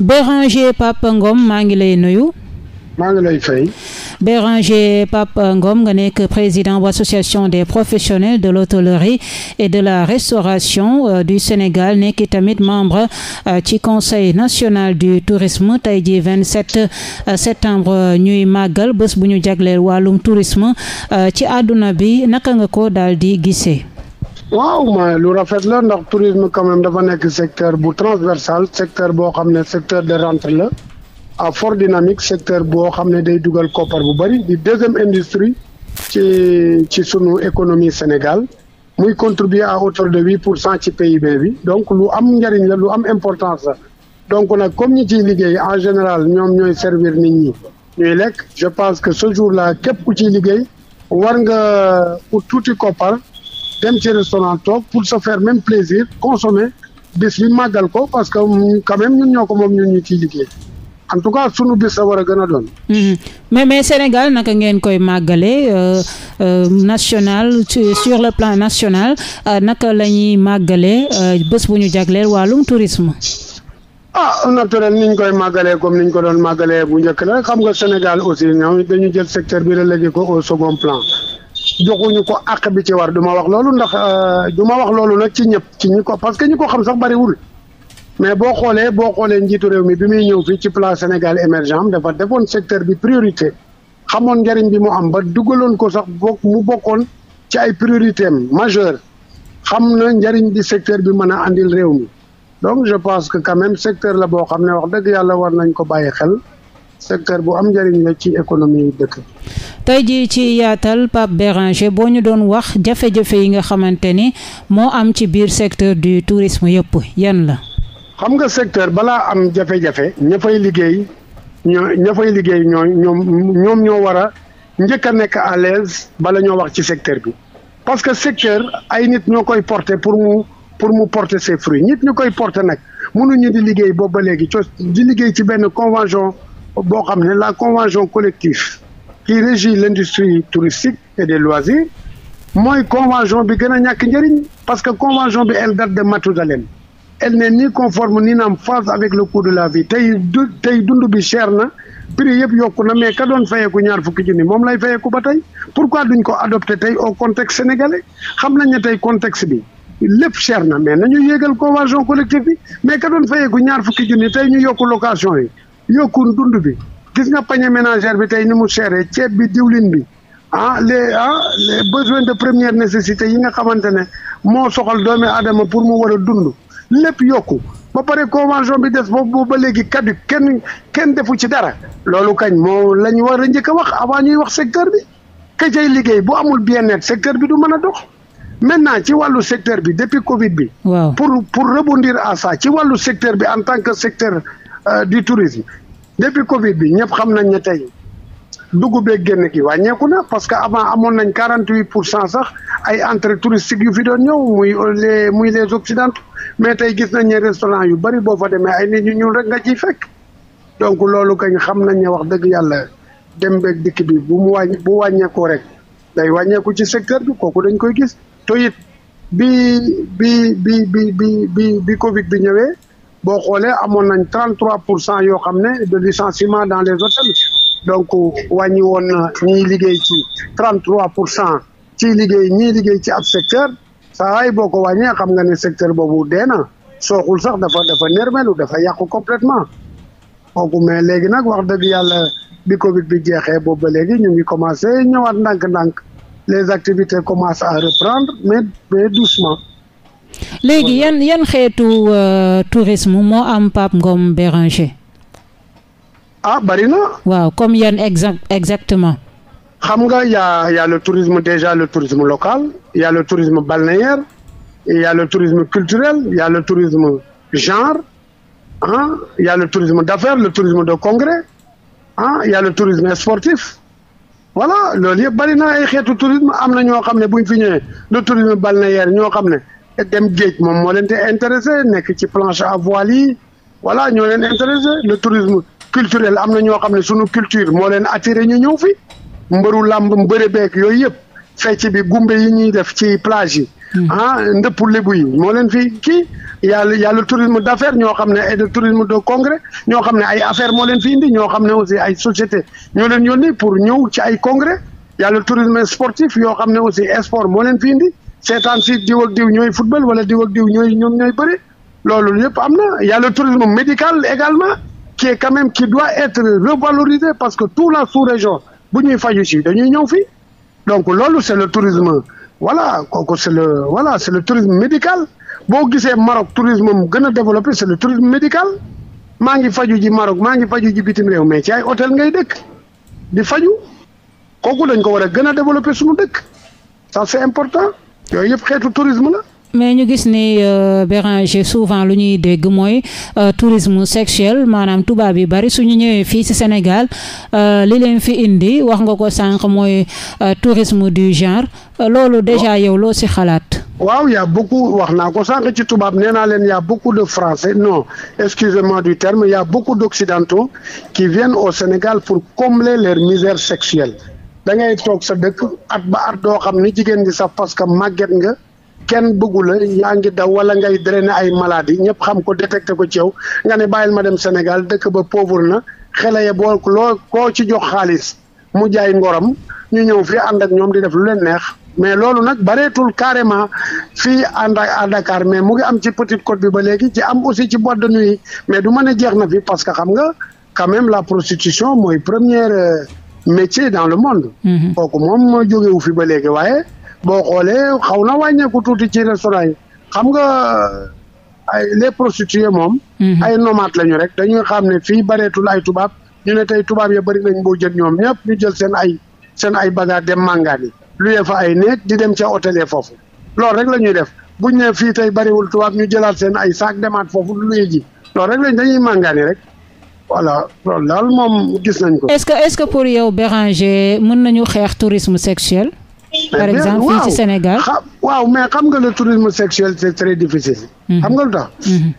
Béranger Pape Ngom maa ngi lay nuyu. maa ngi lay nga nekk président bu association des professionnels de l'hôtellerie et de la restauration euh, du Sénégal nekk tamit membre euh, ci conseil national du tourisme tey ji 27 euh, septembre ñuy màggal bés bu ñu jagleel wàllum tourisme ci àdduna bi naka nga ko daal di gisee. waaw ma lu rafet la ndax tourisme quand dafa nekk secteur bu transversal secteur boo xam ne secteur de rentrée la à fort dynamique secteur boo xam ne day dugal koppar bu bëri di deuxième industrie ci ci sunu économie Sénégal muy contribuer à hauteur de huit pour cent ci PIB bi donc lu am njëriñ la lu am importance la donc nag comme ñi ciy liggéey en général ñoom ñooy servir nit ñi ñuy lekk je pense que ce jour la képp ku ciy liggéey war nga ut tuuti koppar dem ci restaurant toog pour se faire même plaisir consommer bés bi màggal ko parce que quand même ñun ñoo ko moom ñun ñu ciy liggéey tout cas sunu bés la war a gën a doon. Mm-hmm. mais mais Sénégal naka ngeen koy màggale euh, euh, national sur le plan national euh, naka la ñuy màggale bés bu ñu jagleel wàllum tourisme. ah naturel ni ñu koy màggalee comme ni ñu ko doon màggalee bu njëkk la xam nga Sénégal aussi dañu jël secteur bi relégué ko au second plan. joxuñu ko àq bi ci war du ma wax loolu ndax euh, du ma wax loolu nag ci ñëpp ci ñi ko parce que ñi ko xam sax bariwul mais boo xoolee boo xoolee njiitu réew mi bi muy ñëw fii ci plan Sénégal émergent dafa defoon secteur bi priorité xamoon njariñ bi mu am ba dugaloon ko sax bokk mu bokkoon ci ay priorité am majeure xam na njariñ bi secteur bi mën a àndil réew mi donc je pense que quand même secteur la boo xam ne wax dëgg yàlla war nañ ko bàyyi xel secteur bu am njëriñ la ci économie dëkk tey jii ci yaatal Pape Béranger boo ñu doon wax jafe-jafe yi nga xamante ni moo am ci biir secteur du tourisme yëpp yan la xam nga secteur balaa am jafe-jafe ña fay liggéey ñoo ña fay liggéey ñoo ñoom ñoom ñoo war a njëkk a nekk à l'aise bala ñoo wax ci secteur bi parce que secteur ay nit ñoo koy porter pour mu pour mu porter ses fruits nit ñu koy porter nag mënuñu di liggéey boobu ba léegi di liggéey ci benn convention boo xam ne la convention collective qui régit l'industrie touristique et des loisirs mooy convention bi gën a ñàkk njëriñ parce que convention bi elle date de Mathusalem elle ne ni conforme ni naam phase avec le coût de la vie tey tey dund bi cher na prix yëpp yokku na mais ka doon fayeeku ñaar fukki junni moom lay fayeeku ba tey pourquoi duñ ko adopté tey au contexte sénégale xam nañ ne tey contexte bi lépp cher na mais nañu yéegal convention collective bi mais ka doon ñaar fukki junni tey ñu yokku location yi yokkuñ dund bi gis nga panier ménagère bi tey ni mu chéré ceeb bi diwlin bi ah les ah les de première nécessité yi nga xamante ne moo soxal doomi adama pour mu war a dund lépp yokku ba pare convention bi des boobu ba léegi kaddu kenn kenn defu ci dara loolu kañ moo la ñu war a njëkk a wax avant ñuy wax secteur bi ka cay liggéey bu amul bien-être secteur bi du mën a dox maintenant ci wàllu secteur bi depuis Covid bi. waaw pour pour rebondir à ça ci wàllu secteur bi en tant que secteur Euh, du tourisme depuis Covid bi ñëpp xam nañ ne tey dugg beeg génn ki wàññeeku na parce que avant amoon nañ quarante huit pour cent sax ay entrée touristique yu fi doon ñëw muy les muy les occidentaux mais tey gis nañ ne restaurant yu bari boo fa demee ay nit ñu ñuul rek nga ciy fekk donc loolu kañ xam nañ ne wax dëgg yàlla dem beeg dikk bi bu mu wàññ bu wàññeekoo rek day wàññeeku ci secteur bi kooku dañ koy gis te bi bi bi bi bi bi bi Covid bi ñëwee. boo xoolee amoon nañ 33 pour cent yoo xam ne de licenciement dans les hôtels donc wàññi woon na ñiy liggéey ci 33 pour cent ci liggéey ñiy liggéey ci ab secteur saa waay boo ko wàññee xam nga ne secteur boobu dee na sooxul sax dafa dafa nermelu dafa yàqu complètement kooku mais léegi nag wax dëgg yàlla bi Covid bi jeexee boobu ba léegi ñu ngi commencé ñëwaat ndànk-ndànk les activités commencent à reprendre mais mais doucement. léegi yan yan xeetu euh, tourisme moo am Pape Ngom Béranger ah bari na waaw comme yan exa exactement xam nga ya yaa le tourisme déjà le tourisme local y a le tourisme balnéaire y a le tourisme culturel y le tourisme genre ah y a le tourisme d'affaires le tourisme de congrès ah y a le tourisme sportif voilà loolu yëpp bari na xeetu tourisme am na ñoo xam ne bu fi ñëwee le tourisme balnéaire ñoo xam ne dem géej moom moo leen di intéressé nekk ci planche à voile yi voilà ñoo leen intéressé le tourisme culturel am na ñoo xam ne sunu culture moo leen attiré ñu ñëw fi mbaru làmb mbëre beek yooyu yëpp fecc bi gumbe yi ñuy def ci plage yi hmm. ah ndëpp lébu yi moo leen fi kii yàlla yàlla tourisme d'affaires ñoo xam ne ay tourisme de congrès ñoo xam ne ay affaires moo leen fi indi ñoo xam ne aussi ay société ñoo leen yónni pour ñëw ci ay congrès yàlla tourisme sportif yoo xam ne aussi sport moo leen fi indi seetaan si diw ak diw ñooy football wala diw ak diw ñooy ñoom ñooy bëri loolu yëpp am na y a le tourisme médical également qui est quand même qui doit être revalorisé parce que tout la sous-région bu ñuy faju si dañuy ñëw fii donc loolu c'est le tourisme voilà kooku c'est le voilà c'est tourisme médical boo gisee Maroc tourisme mu gën a développé c'est le tourisme médical maa ngi faju ji Maroc maa ngi faju ji bitim réew mais ci ay hôtel ngay dëkk di faju kooku dañ ko war a gën a développé suñu dëkk ça c'est important yooyu yëpp xeetu tourisme la. mais ñu gis ni euh, Béranger souvent lu ñuy dégg mooy euh, tourisme sexuel maanaam tubaab yi bari su ñu ñëwee fii ci Sénégal euh, li leen fi indi wax nga ko sànq mooy tourisme du genre loolu déjà yow loo si xalaat. waaw y a beaucoup wax naa ko sànq ci tubaab nee naa leen y a beaucoup de français non excusez-moi du terme y a beaucoup d'occidentaux qui viennent au Sénégal pour combler leur misère sexuelle. da ngay toog sa dëkk at ba at doo xam ni jigéen gi sax parce que màgget nga kenn bëggu la yaa ngi daw wala ngay drainer ay maladie ñëpp xam ko détecté ko ci nga ne bàyyil ma dem Sénégal dëkk ba pauvre na xale ya boo loo koo ci jox xaalis mu jaay ngoram ñu ñëw fii ànd ak ñoom di def lu leen neex mais loolu nag bareetul carrément fii ànd a à Dakar mais mu ngi am ci petite côte bi ba léegi ci am aussi ci boîte de nuit mais du mën a jeex na fi parce que xam nga quand même la prostitution mooy première. Euh, métier dans le monde. Mhm. ko moom jógewu fi ba léegi waaye boo xoolee xaw na wàññeeku tuuti ci restaurant yi xam nga. ay les prostituées moom. Mhm. ay nomades lañu rek dañuy xam ne fii bareetul ay tubaab ñu ne tey tubaab ya bari nañ boo jël ñoom ñëpp ñu jël seen ay seen ay bagages dem màngaani lu yee fa ay néeg di dem ca hôtel ya foofu loolu rek la ñuy def buñ ne fii tey bariwul tubaab ñu jëlaat seen ay saak demaat foofu lu yee ji loolu rek lañ dañuy màngaani rek voilà loolu daal moom gis nañ ko. est-ce que est-ce que pour yow Béranger mën nañu xeex tourisme sexuel. par exemple fii ci Sénégal waaw mais xam nga le tourisme sexuel c'est très difficile. Mhm. xam nga lu tax. Mhm.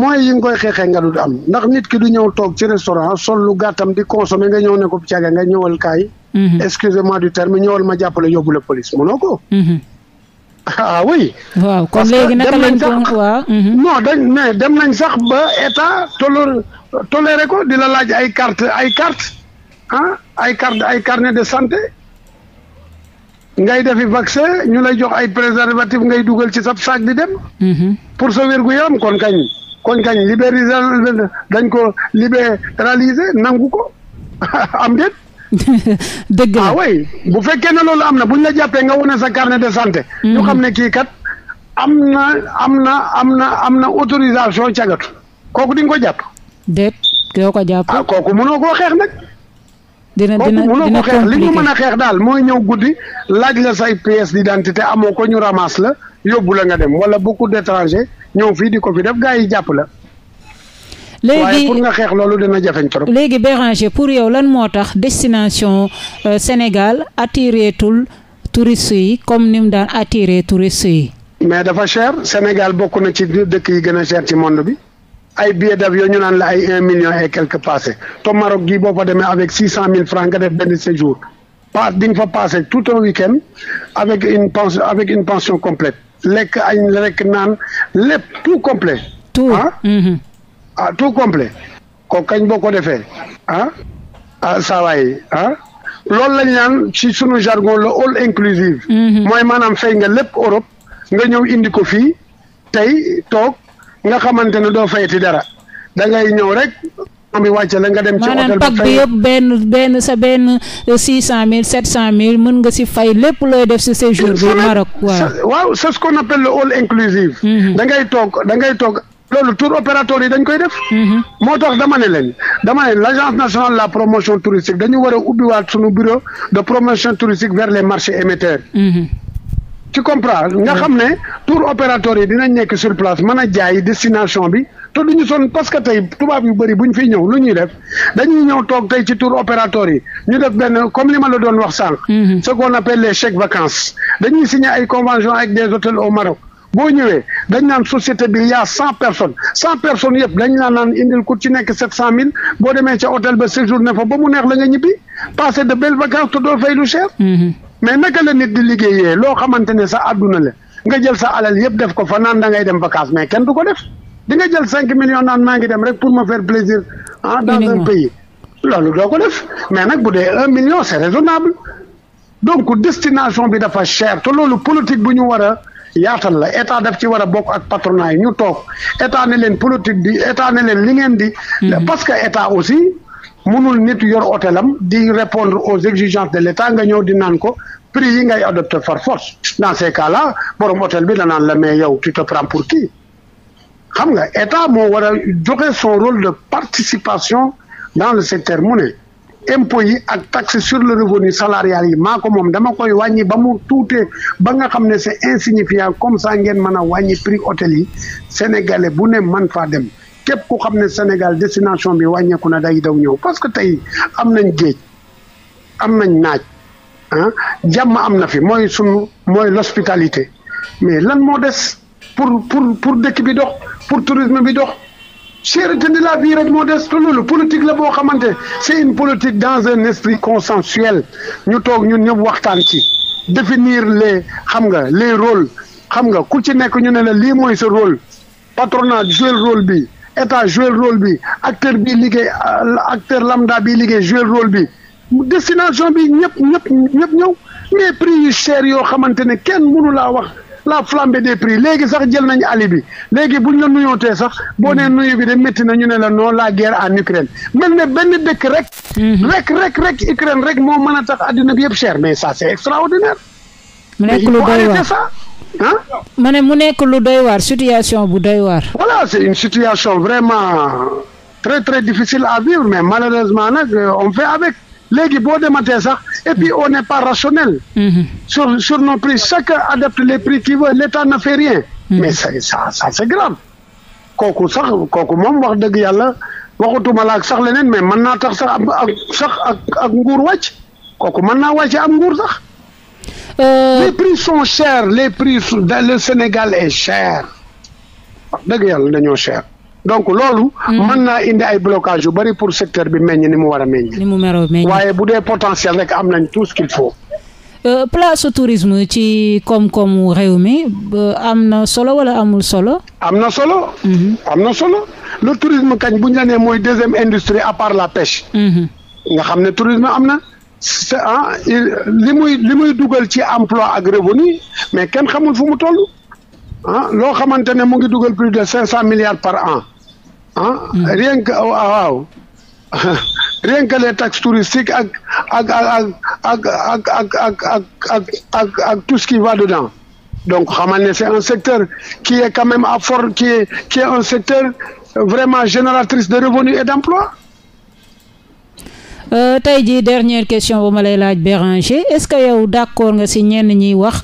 mooy yi nga koy xeexee nga du am ndax nit ki du ñëw toog ci restaurant sol lu gàttam di consommer nga ñëw ne ko caga nga ñëwal kaay. Mhm. excusez-moi du terme ñëwal ma jàppale yóbbu la police mënoo ko. ah waaw kon léegi naka lañ ko waaw. Mhm. non dañ mais dem nañ sax ba état tolor toléré ko di la laaj ay carte ay carte ah, ay carte ay carnet de santé ngay defi vaccin ñu lay jox ay préservatif ngay dugal ci sab sac di dem. Mhm. pour sa wér gu yaram kon kañ kon kañ libéraliser dañ ko libéraliser nangu ko am déet. dëgg la ah oui bu fekkee ne loolu am na bu ñu la jàppee nga wane sa carnet de santé. ñu mm-hmm. xam ne kii kat am na am na am na am na autorisation cagatu kooku di ko jàpp. déet doo ko jàpp. Ah, kooku mënoo koo xeex nag. dina dina dina xeex li ñu mën a xeex daal mooy ñëw guddi laaj la say pièce dantité amoo ko ñu ramasse la yóbbu la nga dem wala beaucoup d'étrangers ñëw fii di ko fi def gaa yi jàpp la. léegi waaye pour nga xeex loolu dina jafeñ trop. léegi Béranger pour yow lan moo tax destination euh, Sénégal attireetul touriste yi comme ni mu daan attiré touriste yi. mais dafa cher Sénégal bokk na ci dëkk yi gën a cher ci monde bi. ay billet d'avion ñu naan la ay un million et quelque passé to Maroc gii boo fa demee avec six cent mille francs nga def benn séjour pas di nga fa passé tout un week-end avec une pension avec une pension complète lekk añ lekk naan lépp tout complet tout ah mm-hmm. ah tout complet ko kañ boo ko defee ah ah saa waay loolu lañ naan ci sunu jargon la all inclusive mhm. mooy maanaam fay nga lépp Europe nga ñëw indi ko fii tey toog nga xamante ne doo fayati dara da ngay ñëw rek am bi la nga dem ci hôtel bi fay yëpp benn benn sa benn six cent mille sept cent mille mën nga si fay lépp looy def si séjour bi Maroc waaw waaw c'est ce qu'on appelle le inclusive mhm. da toog da toog loolu tour opérateur yi dañ koy def. Mhm. moo tax dama ne leen dama ne l' agence nationale de la promotion touristique dañu war a ubbiwaat sunu bureau de promotion touristique vers les marchés émetteurs. Mhm. tu comprends nga xam ne tour opérateur yi dinañ nekk sur place mën a jaay destination bi te du ñu sonn parce que tey tubaab yu bëri bu fiy ñëw lu ñuy def dañuy ñëw toog tey ci tour opérateur yi ñu def benn comme li ma la doon wax sànq. Mhm. ce qu'on appelle les chèques vacances dañuy signer ay convention avec des hôtels boo ñëwee dañ naan société bi y a cent personne cent personnes yëpp dañ naan naan indil ku ci nekk sept cent mille boo demee ca hôtel ba séjourné fa ba mu neex la nga ñibbi passé de belles vacances te doo fay lu cher. Mm-hmm. mais naka la nit di liggéeyee loo xamante ne sa àdduna la nga jël sa alal yëpp def ko fa naan da ngay dem vacances mais kenn du ko def di nga jël cinq million naan maa ngi dem rek pour ma faire plaisir. ah dans un pays. loolu doo ko def mais nag bu dee un million c'est raisonnable donc destination bi dafa cher te loolu politique bu ñu war a yaatal la état daf ci war a bokk ak patronat yi ñu toog état ne leen politique di état ne leen li ngeen di. Mhm. parce que état aussi mënul nit yor hôtelam di répondre aux exigences de l' nga ñëw di naan ko. prix yi ngay adopté par force dans ces cas là borom hôtel bi danaan la mais yow tu te prends pour qui xam nga état moo war a joxe son rôle de participation dans le secteur mu impôts yi ak taxe sur le revenu salarial yi maa ko moom dama koy wàññi ba mu tuutee ba nga xam ne c'est insignifiant comme ça ngeen mën a wàññi prix hôtel yi sénégalais bu ne man faa dem képp ku xam ne Sénégal destination bi wàññeeku na day daw ñëw parce que tey am nañ géej am nañ naaj ah, jàmm am na fi mooy sunu mooy l'hospitalité mais lan moo des pour pour pour dëkk bi dox pour tourisme bi dox cherté de la vie rek moo des te loolu politique la boo xamante c'est une politique dans un esprit consensuel ñu toog ñun ñëpp waxtaan ci définir le xam nga les rôle xam nga ku ci nekk ñu ne la lii mooy sa rôle patronat jouer rôle bi état jouer rôle bi acteur bi liggéey acteur lambda bi liggéey jouer rôle bi destination bi ñëpp ñëpp ñëpp ñëw mais prix yu cher yoo xamante ne kenn mënu laa wax la flambée des prix léegi sax jël nañu ali bi léegi buñ la nuyootee sax boo nee hmm. nuyu bi de métti na ñu ne la non la guerre en Ukraine mel ne benn dëkk rek. Hmm. rek rek rek Ukraine rek moo mën a tax àddina bi yëpp cher mais ça c'est extraordinaire. mu nekk lu doy waar ça ah. ma ne mu nekk lu doy situation bu doy wala voilà c'est une situation vraiment très très difficile à vivre mais malheureusement nag euh, on fait avec. léegi boo dematee sax on n'est pas rationnel. Mm-hmm. sur sur nos prix chacun adapte les prix qu'il veut l'État ne fait rien. Mm-hmm. mais ça ça ça c'est grave. kooku sax kooku moom wax dëgg yàlla waxutuma la ak sax leneen mais mën naa tax sax ak sax ak ak nguur wàcc kooku mën naa wàcc am nguur sax. Euh, les prix sont chers les prix le Sénégal est cher wax dëgg yàlla dañoo cher. donc loolu. Mm. mën naa indi ay blocage yu bari pour secteur bi meññ ni mu war a meññ. ni mu meññ waaye bu dee potentiel rek am nañ tout ce qu'il faut. Euh, place tourisme ci koom-koomu réew mi euh, am na solo wala amul solo. am na solo. Mm-hmm. am na solo le tourisme kañ bu ñu la nee mooy deuxième industrie à part la pêche. Mm-hmm. nga xam ne tourisme am na. ah li muy li muy dugal ci emploi ak revenu mais kenn xamul fu mu toll ah loo xamante ne mu ngi dugal plus de cinq cent milliards par an ah. rien que waaw rien que les taxes touristiques ak ak ak ak ak ak ak ak ak ak tout ce qui va dedans. donc xamal ne c'est un secteur qui est quand même à fort qui est qui est un secteur vraiment génératrice de revenus et d'emplois. Euh, tey jii dernière question bu ma lay laaj Béranger est-ce que yow d'accord nga si ñenn ñiy wax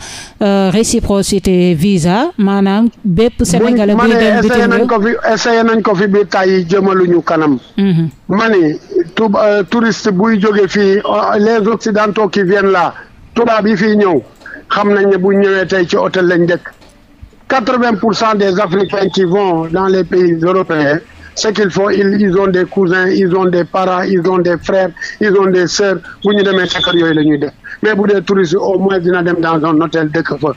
euh, réciprocité visa maanaam bépp sénégalais buy dem bitim réew nañ ko fi essayé nañ bi tàyyi jëmaluñu kanam mhm. ma ni euh, touriste buy jóge fii les occidentaux qui viennent là tubaab yi fi ñëw xam nañ ne bu ñëwee tey ci hôtel lañ dëkk quatre-vingts pour cent des africains qui vont dans les pays européens ce qu'ils font ils ils des cousins ils on des parents ils ont des frères ils ont des sœurs bu ñu demee sa kër yooyu la ñuy def mais bu dee touriste au moins dina dem dans un hôtel dëkk fa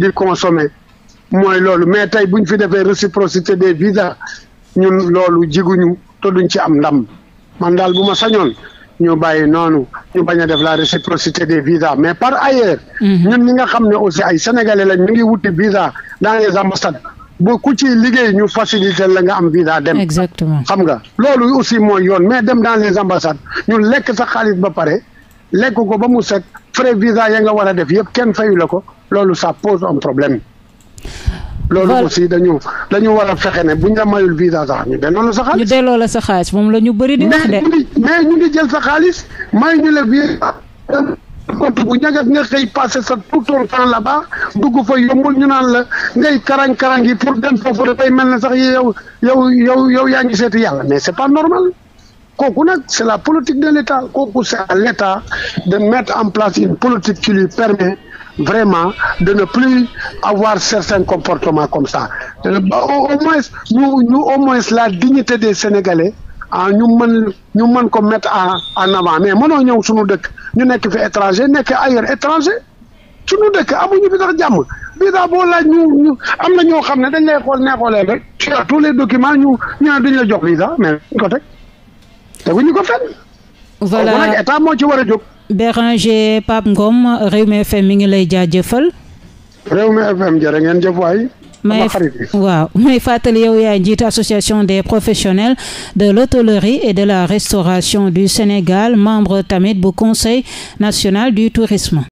di consommer mooy loolu mais tey bu ñu fi defee réciprocité des visas ñun loolu jiguñu te duñ ci am ndam man daal bu ma sañoon ñu bàyyi noonu ñu bañ a def la réciprocité des visas mais par ailleurs. Mhm. ñun ñi nga xam ne aussi ay sénégalais lañ ñu ngi wuti visa dans les ambassades. bu ku ci liggéey ñu faciliter la nga am visa dem. exactement xam nga loolu aussi mooy yoon mais dem dans les ambassades ñu lekk sa xaalis ba pare lekk ko ba mu set frais visa ya nga war a def yëpp kenn fayu la ko loolu ça pose un problème. loolu aussi dañu dañu war a fexe ne bu ñu la mayul visa sax ñu delloo la sa xaalis. ñu delloo la sa xaalis moom la ñu bëri di wax de. mais ñu ngi jël sa xaalis may ñu la visa. kott bu ñagas nga xëy passé sa tout ton temps là-bas dugg fa yombul ñu naan la ngay karang-karang yi pour dem foofu dafay mel na sax yow yow yow yow yaa ngi seeti yàlla mais c'est pas normal kooku nag c'est la politique de l'État kooku c'est à l'État de mettre en place une politique qui lui permet vraiment de ne plus avoir certains comportements comme ça euh, au moins ñu ñu au moins la dignité des Sénégalais ah ñu mën ñu mën ko mettre en avant mais mënoo ñëw suñu dëkk ñu nekk fi étranger nekk ailleurs étranger suñu dëkk amuñu fi sax jàmm bii daal boo laaj ñu am na ñoo xam ne dañ lay xool nee xoolee rek tu as tous les documents ñu ñu ne duñ la jox visa mais ñu ko teg teguñu ko fenn. voilà nag état moo ci war a jóg. Béranger Pape Ngom Rewmi FM mi ngi lay jaajëfal. Rewmi FM jërë ngeen jëf waay. may waaw may fàttali yow yaay njiit association des professionnels de l'hôtellerie et de la restauration du Sénégal membre tamit bu conseil national du tourisme